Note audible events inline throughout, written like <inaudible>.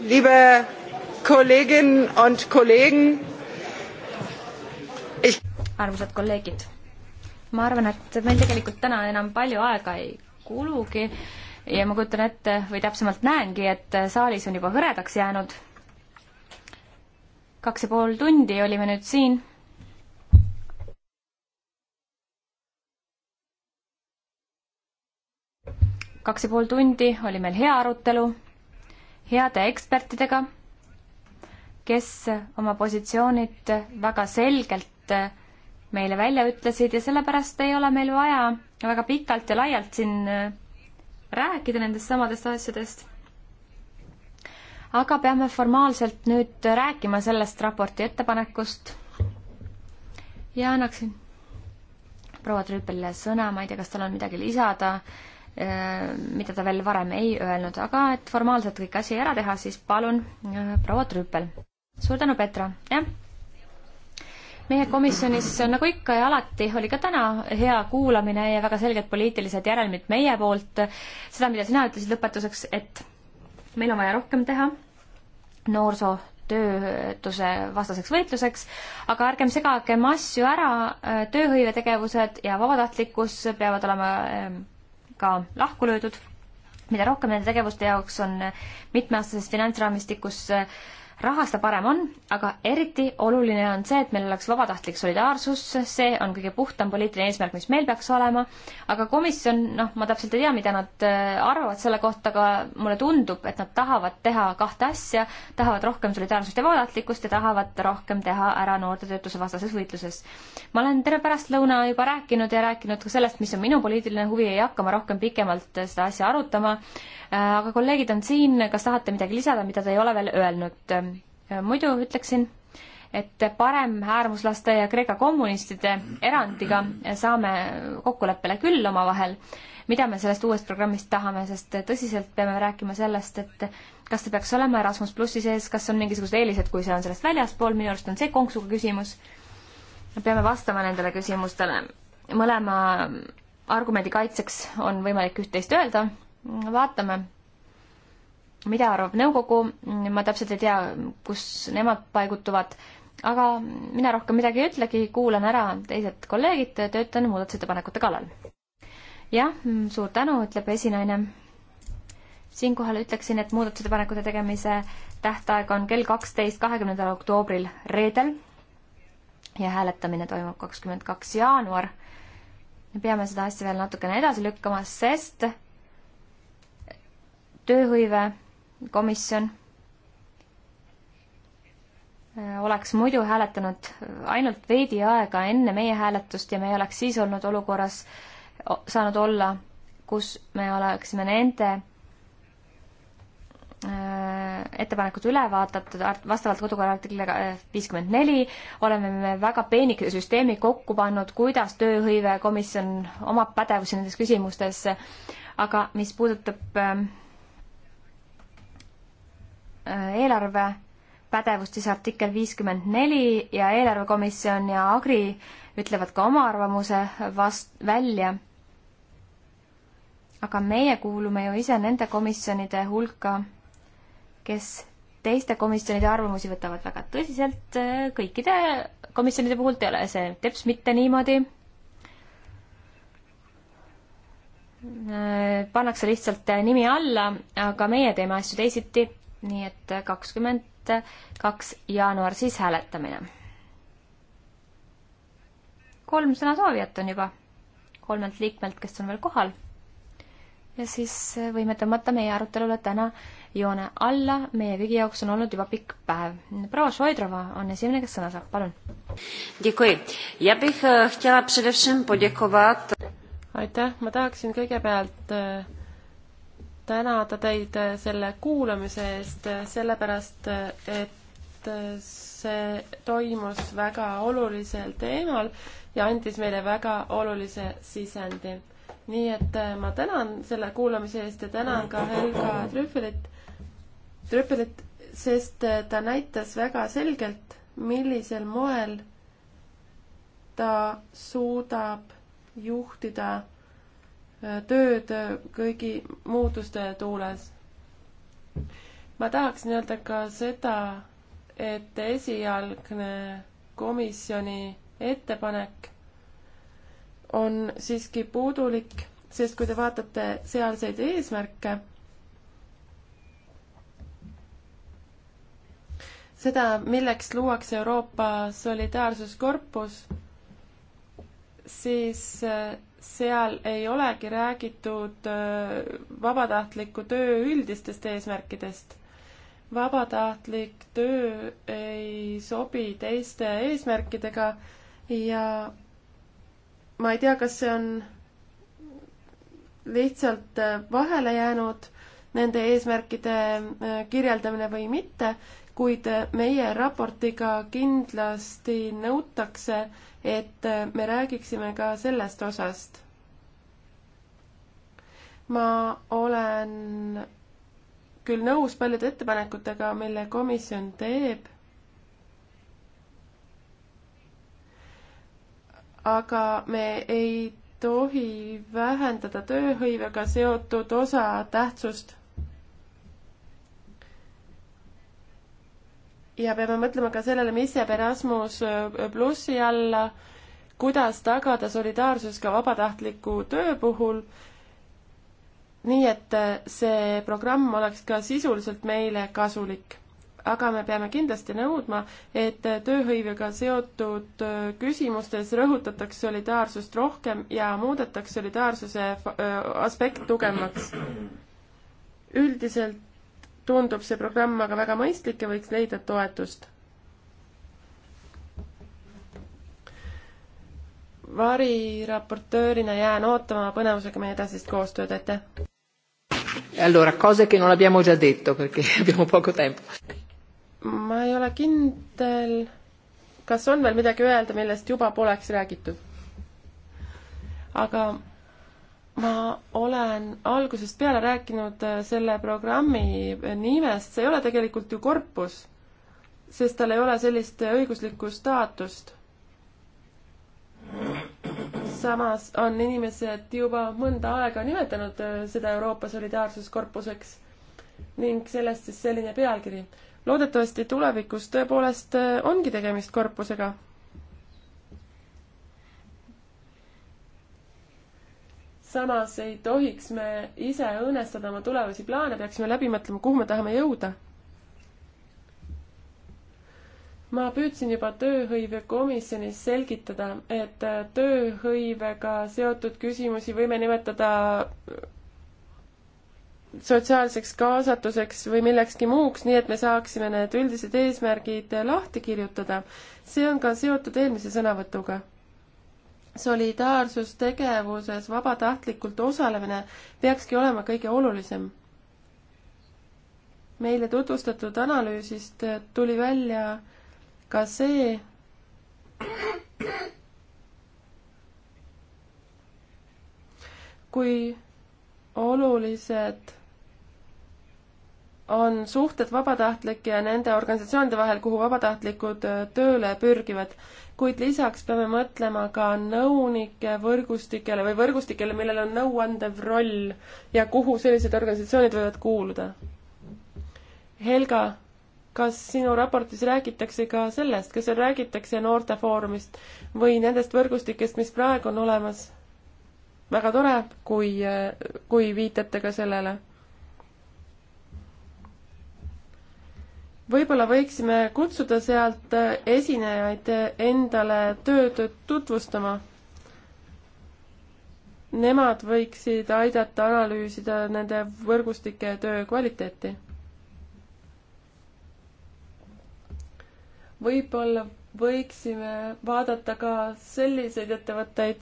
liebe Kolleginnen und Kollegen. Ich... armsad kolleegid, ma arvan, et meil tegelikult täna enam palju aega ei kulugi ja ma kujutan ette või täpsemalt näengi, et saalis on juba hõredaks jäänud. kaks ja pool tundi olime nüüd siin kaks ja pool tundi oli meil hea arutelu heade ekspertidega, kes oma positsioonid väga selgelt meile välja ütlesid ja sellepärast ei ole meil vaja väga pikalt ja laialt siin rääkida nendest samadest asjadest. aga peame formaalselt nüüd rääkima sellest raporti ettepanekust ja annaksin proua Trüüpelile sõna, ma ei tea, kas tal on midagi lisada Äh, mida ta veel varem ei öelnud, aga et formaalselt kõik asi ära teha, siis palun, äh, proua Trüppel. suur tänu, Petra, jah. meie komisjonis, nagu ikka ja alati, oli ka täna hea kuulamine ja väga selged poliitilised järelmid meie poolt. seda, mida sina ütlesid lõpetuseks, et meil on vaja rohkem teha noorsoo töötuse vastaseks võitluseks, aga ärgem segagem asju ära, tööhõivetegevused ja vabatahtlikkus peavad olema ähm, ka lahku löödud. mida rohkem nende tegevuste jaoks on mitmeaastases finantsraamistikus äh, raha, seda parem on, aga eriti oluline on see, et meil oleks vabatahtlik solidaarsus, see on kõige puhtam poliitiline eesmärk, mis meil peaks olema, aga komisjon, noh, ma täpselt ei tea, mida nad äh, arvavad selle kohta, aga mulle tundub, et nad tahavad teha kahte asja, tahavad rohkem solidaarsust ja vabatahtlikkust ja tahavad rohkem teha ära noorte töötuse vastases võitluses. ma olen terve pärastlõuna juba rääkinud ja rääkinud ka sellest, mis on minu poliitiline huvi, ei hakka ma rohkem pikemalt äh, seda asja arutama, äh, aga kolleegid on siin, kas tahate midagi lisada, mida te ei ole veel öelnud? muidu ütleksin, et paremäärmuslaste ja Kreeka kommunistide erandiga saame kokkuleppele küll omavahel, mida me sellest uuest programmist tahame, sest tõsiselt peame rääkima sellest, et kas see peaks olema Erasmus plussi sees, kas on mingisugused eelised, kui see on sellest väljaspool, minu arust on see konksuga küsimus. me peame vastama nendele küsimustele. mõlema argumendi kaitseks on võimalik üht-teist öelda, vaatame mida arvab nõukogu, mm, ma täpselt ei tea, kus nemad paigutuvad, aga mina rohkem midagi ei ütlegi, kuulan ära teised kolleegid, töötan muudatusettepanekute kallal. jah, mm, suur tänu, ütleb esinaine. siinkohal ütleksin, et muudatusettepanekute tegemise tähtaeg on kell kaksteist, kahekümnendal oktoobril reedel ja hääletamine toimub kakskümmend kaks jaanuar. me peame seda asja veel natukene edasi lükkama, sest tööhõive komisjon oleks muidu hääletanud ainult veidi aega enne meie hääletust ja me ei oleks siis olnud olukorras saanud olla, kus me oleksime nende äh, ettepanekud üle vaadatud, vastavalt kodukorra artiklile äh, viiskümmend neli oleme me väga peenikese süsteemi kokku pannud, kuidas tööhõivekomisjon omab pädevusi nendes küsimustes, aga mis puudutab äh, Äh, eelarve pädevust, siis artikkel viiskümmend neli ja eelarvekomisjon ja Agri ütlevad ka oma arvamuse vast-, välja. aga meie kuulume ju ise nende komisjonide hulka, kes teiste komisjonide arvamusi võtavad väga tõsiselt, äh, kõikide komisjonide puhul ei ole see teps mitte niimoodi. Äh, pannakse lihtsalt nimi alla, aga meie teeme asju teisiti nii et kakskümmend kaks jaanuar siis hääletamine. kolm sõnasoovijat on juba kolmelt liikmelt, kes on veel kohal. ja siis võime tõmmata meie arutelule täna joone alla, meie kõigi jaoks on olnud juba pikk päev. proua Šoidrova on esimene, kes sõna saab, palun. Eh, aitäh, ma tahaksin kõigepealt äh, tänada teid äh, selle kuulamise eest, äh, sellepärast äh, et see toimus väga olulisel teemal ja andis meile väga olulise sisendi. nii et ma tänan selle kuulamise eest ja tänan ka Helga Trüffelit, Trüffelit, sest ta näitas väga selgelt, millisel moel ta suudab juhtida tööd äh, kõigi muutuste tuules. ma tahaksin öelda ka seda, et esialgne komisjoni ettepanek on siiski puudulik, sest kui te vaatate sealseid eesmärke, seda, milleks luuakse Euroopa solidaarsuskorpus, siis äh, seal ei olegi räägitud äh, vabatahtliku töö üldistest eesmärkidest. vabatahtlik töö ei sobi teiste eesmärkidega ja ma ei tea, kas see on lihtsalt äh, vahele jäänud nende eesmärkide äh, kirjeldamine või mitte, kuid meie raportiga kindlasti nõutakse, et me räägiksime ka sellest osast. ma olen küll nõus paljude ettepanekutega, mille komisjon teeb, aga me ei tohi vähendada tööhõivega seotud osa tähtsust ja peame mõtlema ka sellele, mis jääb Erasmus äh, plussi alla, kuidas tagada solidaarsus ka vabatahtliku töö puhul, nii et äh, see programm oleks ka sisuliselt meile kasulik. aga me peame kindlasti nõudma, et äh, tööhõivega seotud küsimustes rõhutatakse solidaarsust rohkem ja muudetakse solidaarsuse aspekt tugevamaks. üldiselt tundub see programm aga väga mõistlik ja võiks leida toetust. variraportöörina jään ootama põnevusega meie edasist koostööd, aitäh! E allora, cose che non abbiamo già detto perché <laughs> abbiamo poco tempo. ma ei ole kindel, kas on veel midagi öelda, millest juba poleks räägitud? aga ma olen algusest peale rääkinud äh, selle programmi nimest, see ei ole tegelikult ju korpus, sest tal ei ole sellist õiguslikku staatust. samas on inimesed juba mõnda aega nimetanud äh, seda Euroopa Solidaarsuskorpuseks ning sellest siis selline pealkiri. loodetavasti tulevikus tõepoolest äh, ongi tegemist korpusega samas ei tohiks me ise õõnestada oma tulevasi plaane, peaksime läbi mõtlema, kuhu me tahame jõuda. ma püüdsin juba tööhõivekomisjonis selgitada, et tööhõivega seotud küsimusi võime nimetada sotsiaalseks kaasatuseks või millekski muuks, nii et me saaksime need üldised eesmärgid lahti kirjutada. see on ka seotud eelmise sõnavõtuga solidaarsustegevuses vabatahtlikult osalemine peakski olema kõige olulisem. meile tutvustatud analüüsist tuli välja ka see, kui olulised on suhted vabatahtlike ja nende organisatsioonide vahel, kuhu vabatahtlikud äh, tööle pürgivad. kuid lisaks peame mõtlema ka nõunike võrgustikele või võrgustikele, millel on nõuandev roll ja kuhu sellised organisatsioonid võivad kuuluda. Helga, kas sinu raportis räägitakse ka sellest, kas seal räägitakse Noortefoorumist või nendest võrgustikest, mis praegu on olemas? väga tore, kui, äh, kui viitate ka sellele võib-olla võiksime kutsuda sealt esinejaid endale tööd tutvustama. Nemad võiksid aidata analüüsida nende võrgustike töö kvaliteeti. võib-olla võiksime vaadata ka selliseid ettevõtteid,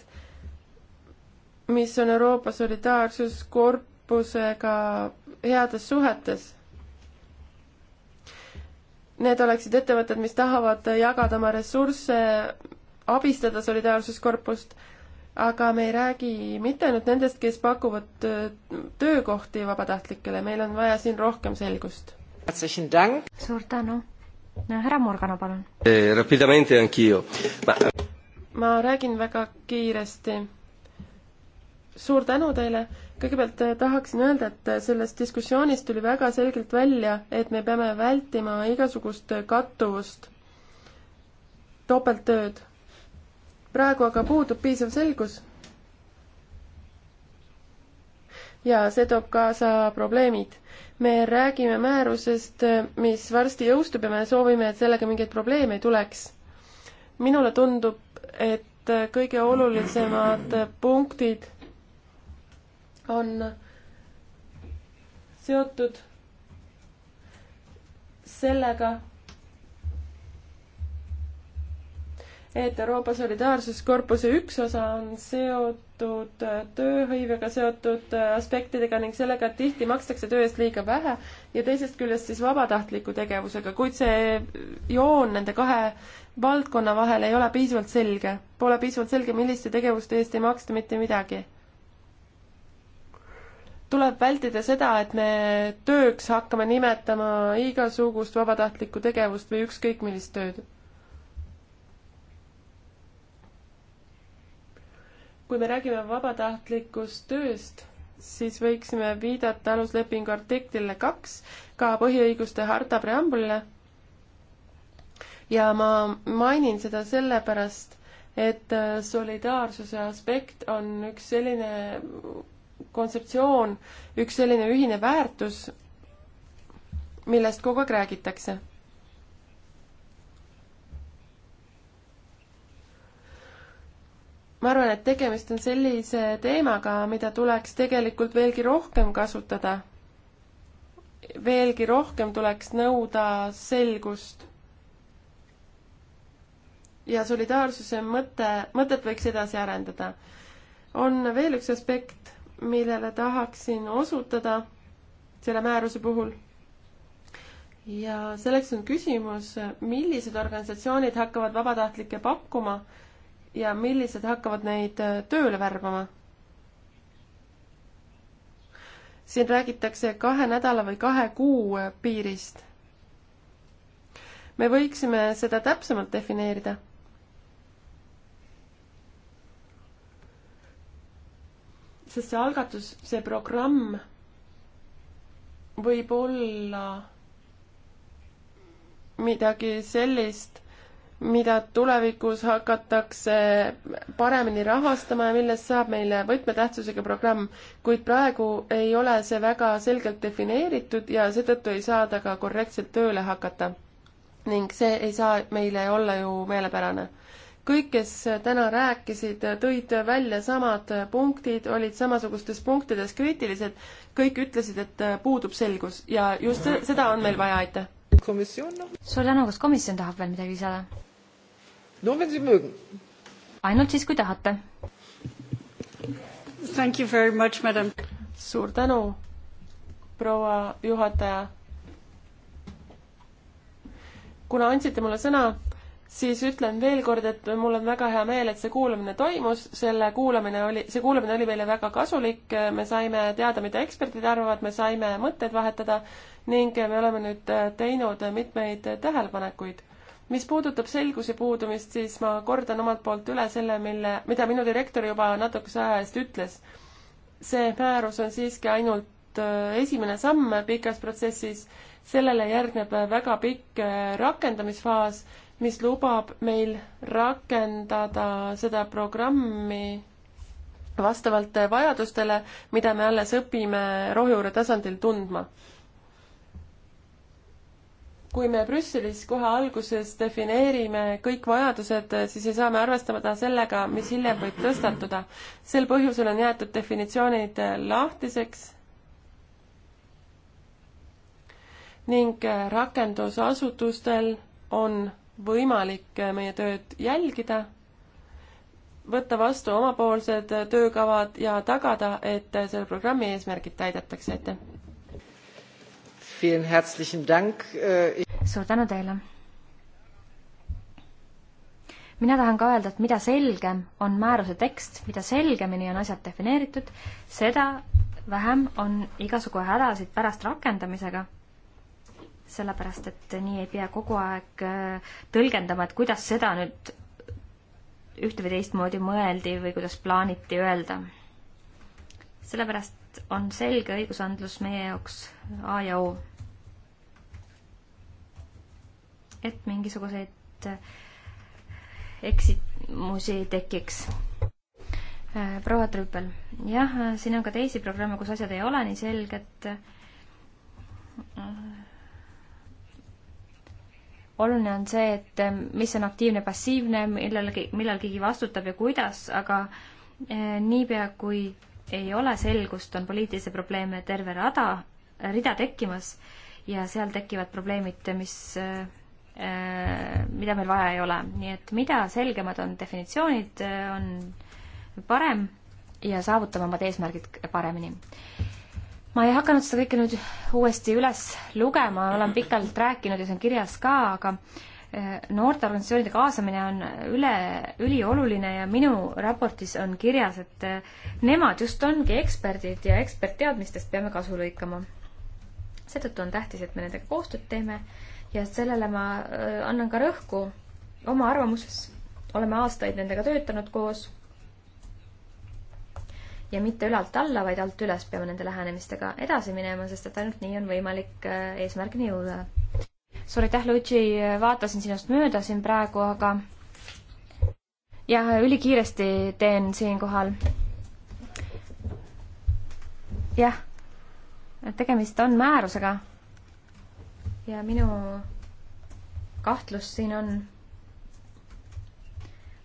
mis on Euroopa Solidaarsuskorpusega heades suhetes Need oleksid ettevõtted, mis tahavad jagada oma ressursse, abistada solidaarsuskorpust, aga me ei räägi mitte ainult nendest, kes pakuvad töökohti vabatahtlikele, meil on vaja siin rohkem selgust. suur tänu. härra Morgana, palun eh,. ma räägin väga kiiresti. suur tänu teile kõigepealt äh, tahaksin öelda, et äh, sellest diskussioonist tuli väga selgelt välja, et me peame vältima igasugust äh, kattuvust, topelttööd. praegu aga puudub piisav selgus. ja see toob kaasa probleemid. me räägime määrusest, mis varsti jõustub ja me soovime, et sellega mingeid probleeme ei tuleks. minule tundub, et kõige olulisemad punktid on seotud sellega, et Euroopa Solidaarsuskorpuse üks osa on seotud tööhõivega seotud aspektidega ning sellega, et tihti makstakse töö eest liiga vähe ja teisest küljest siis vabatahtliku tegevusega, kuid see joon nende kahe valdkonna vahel ei ole piisavalt selge. Pole piisavalt selge, milliste tegevuste eest ei maksta mitte midagi tuleb vältida seda, et me tööks hakkame nimetama igasugust vabatahtlikku tegevust või ükskõik millist tööd. kui me räägime vabatahtlikust tööst, siis võiksime viidata aluslepingu artiklile kaks, ka põhiõiguste harta preambulile. ja ma mainin seda sellepärast, et solidaarsuse aspekt on üks selline kontseptsioon, üks selline ühine väärtus, millest kogu aeg räägitakse. ma arvan, et tegemist on sellise teemaga, mida tuleks tegelikult veelgi rohkem kasutada. veelgi rohkem tuleks nõuda selgust ja solidaarsuse mõte, mõtet võiks edasi arendada. on veel üks aspekt, millele tahaksin osutada selle määruse puhul. ja selleks on küsimus, millised organisatsioonid hakkavad vabatahtlikke pakkuma ja millised hakkavad neid tööle värbama? siin räägitakse kahe nädala või kahe kuu piirist. me võiksime seda täpsemalt defineerida sest see algatus, see programm võib olla midagi sellist, mida tulevikus hakatakse paremini rahastama ja millest saab meile võtmetähtsusega programm, kuid praegu ei ole see väga selgelt defineeritud ja seetõttu ei saa ta ka korrektselt tööle hakata. ning see ei saa meile olla ju meelepärane kõik, kes täna rääkisid, tõid välja samad punktid, olid samasugustes punktides kriitilised, kõik ütlesid, et puudub selgus ja just seda on meil vaja, aitäh. Noh. suur tänu, kas komisjon tahab veel midagi lisada? no wenn Sie mögen. ainult siis, kui tahate. Thank you very much, madam. suur tänu, proua juhataja. kuna andsite mulle sõna, siis ütlen veel kord, et mul on väga hea meel, et see kuulamine toimus, selle kuulamine oli, see kuulamine oli meile väga kasulik, me saime teada, mida eksperdid arvavad, me saime mõtteid vahetada ning me oleme nüüd teinud mitmeid tähelepanekuid. mis puudutab selguse puudumist, siis ma kordan omalt poolt üle selle, mille, mida minu direktor juba natukese aja eest ütles. see määrus on siiski ainult äh, esimene samm pikas protsessis, sellele järgneb väga pikk äh, rakendamisfaas mis lubab meil rakendada seda programmi vastavalt vajadustele, mida me alles õpime rohujuure tasandil tundma. kui me Brüsselis kohe alguses defineerime kõik vajadused, siis ei saa me arvestada sellega, mis hiljem võib tõstatuda. sel põhjusel on jäetud definitsioonid lahtiseks ning rakendusasutustel on võimalik äh, meie tööd jälgida, võtta vastu omapoolsed äh, töökavad ja tagada, et äh, selle programmi eesmärgid täidetakse, aitäh! suur tänu teile! mina tahan ka öelda, et mida selgem on määruse tekst, mida selgemini on asjad defineeritud, seda vähem on igasugu hädasid pärast rakendamisega sellepärast et nii ei pea kogu aeg äh, tõlgendama, et kuidas seda nüüd ühte või teistmoodi mõeldi või kuidas plaaniti öelda. sellepärast on selge õigusandlus meie jaoks A ja O. et mingisuguseid äh, eksimusi ei tekiks. Äh, proua Trüppel, jah, siin on ka teisi programme, kus asjad ei ole nii selged oluline on see, et eh, mis on aktiivne, passiivne, millal, millal keegi vastutab ja kuidas, aga eh, niipea, kui ei ole selgust, on poliitilisi probleeme terve rada, rida tekkimas ja seal tekivad probleemid, mis, eh, mida meil vaja ei ole. nii et mida selgemad on definitsioonid, on parem ja saavutame omad eesmärgid paremini ma ei hakanud seda kõike nüüd uuesti üles lugema, olen pikalt rääkinud ja see on kirjas ka, aga eh, noorteorganisatsioonide kaasamine on üle, ülioluline ja minu raportis on kirjas, et eh, nemad just ongi eksperdid ja ekspertteadmistest peame kasu lõikama. seetõttu on tähtis, et me nendega koostööd teeme ja sellele ma eh, annan ka rõhku oma arvamuses. oleme aastaid nendega töötanud koos ja mitte ülalt alla, vaid alt üles peame nende lähenemistega edasi minema, sest et ainult nii on võimalik äh, eesmärgini jõuda. suur aitäh, Luigi, vaatasin sinust mööda siin praegu, aga jah, ülikiiresti teen siinkohal. jah, tegemist on määrusega ja minu kahtlus siin on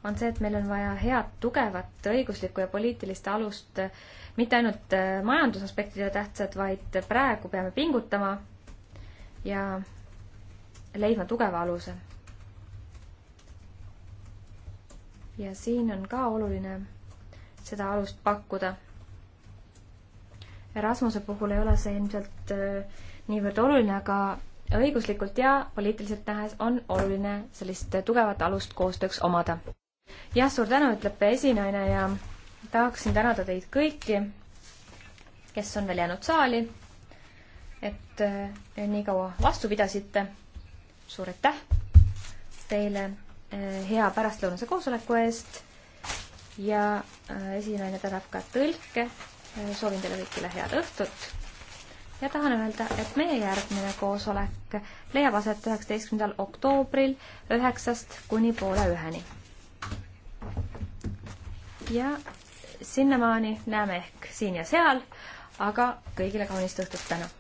on see, et meil on vaja head, tugevat õiguslikku ja poliitilist alust, eh, mitte ainult eh, majandusaspektid ei ole tähtsad, vaid praegu peame pingutama ja leidma tugeva aluse. ja siin on ka oluline seda alust pakkuda. Erasmuse puhul ei ole see ilmselt eh, niivõrd oluline, aga õiguslikult ja poliitiliselt nähes on oluline sellist tugevat alust koostööks omada jah, suur tänu, ütleb esinaine ja tahaksin tänada teid kõiki, kes on veel jäänud saali, et eh, nii kaua vastu pidasite. suur aitäh teile eh, hea pärastlõunase koosoleku eest ja eh, esinaine tänab ka tõlke. soovin teile kõigile head õhtut ja tahan öelda, et meie järgmine koosolek leiab aset üheksateistkümnendal oktoobril üheksast kuni poole üheni ja sinnamaani näeme ehk siin ja seal, aga kõigile kaunist õhtut täna!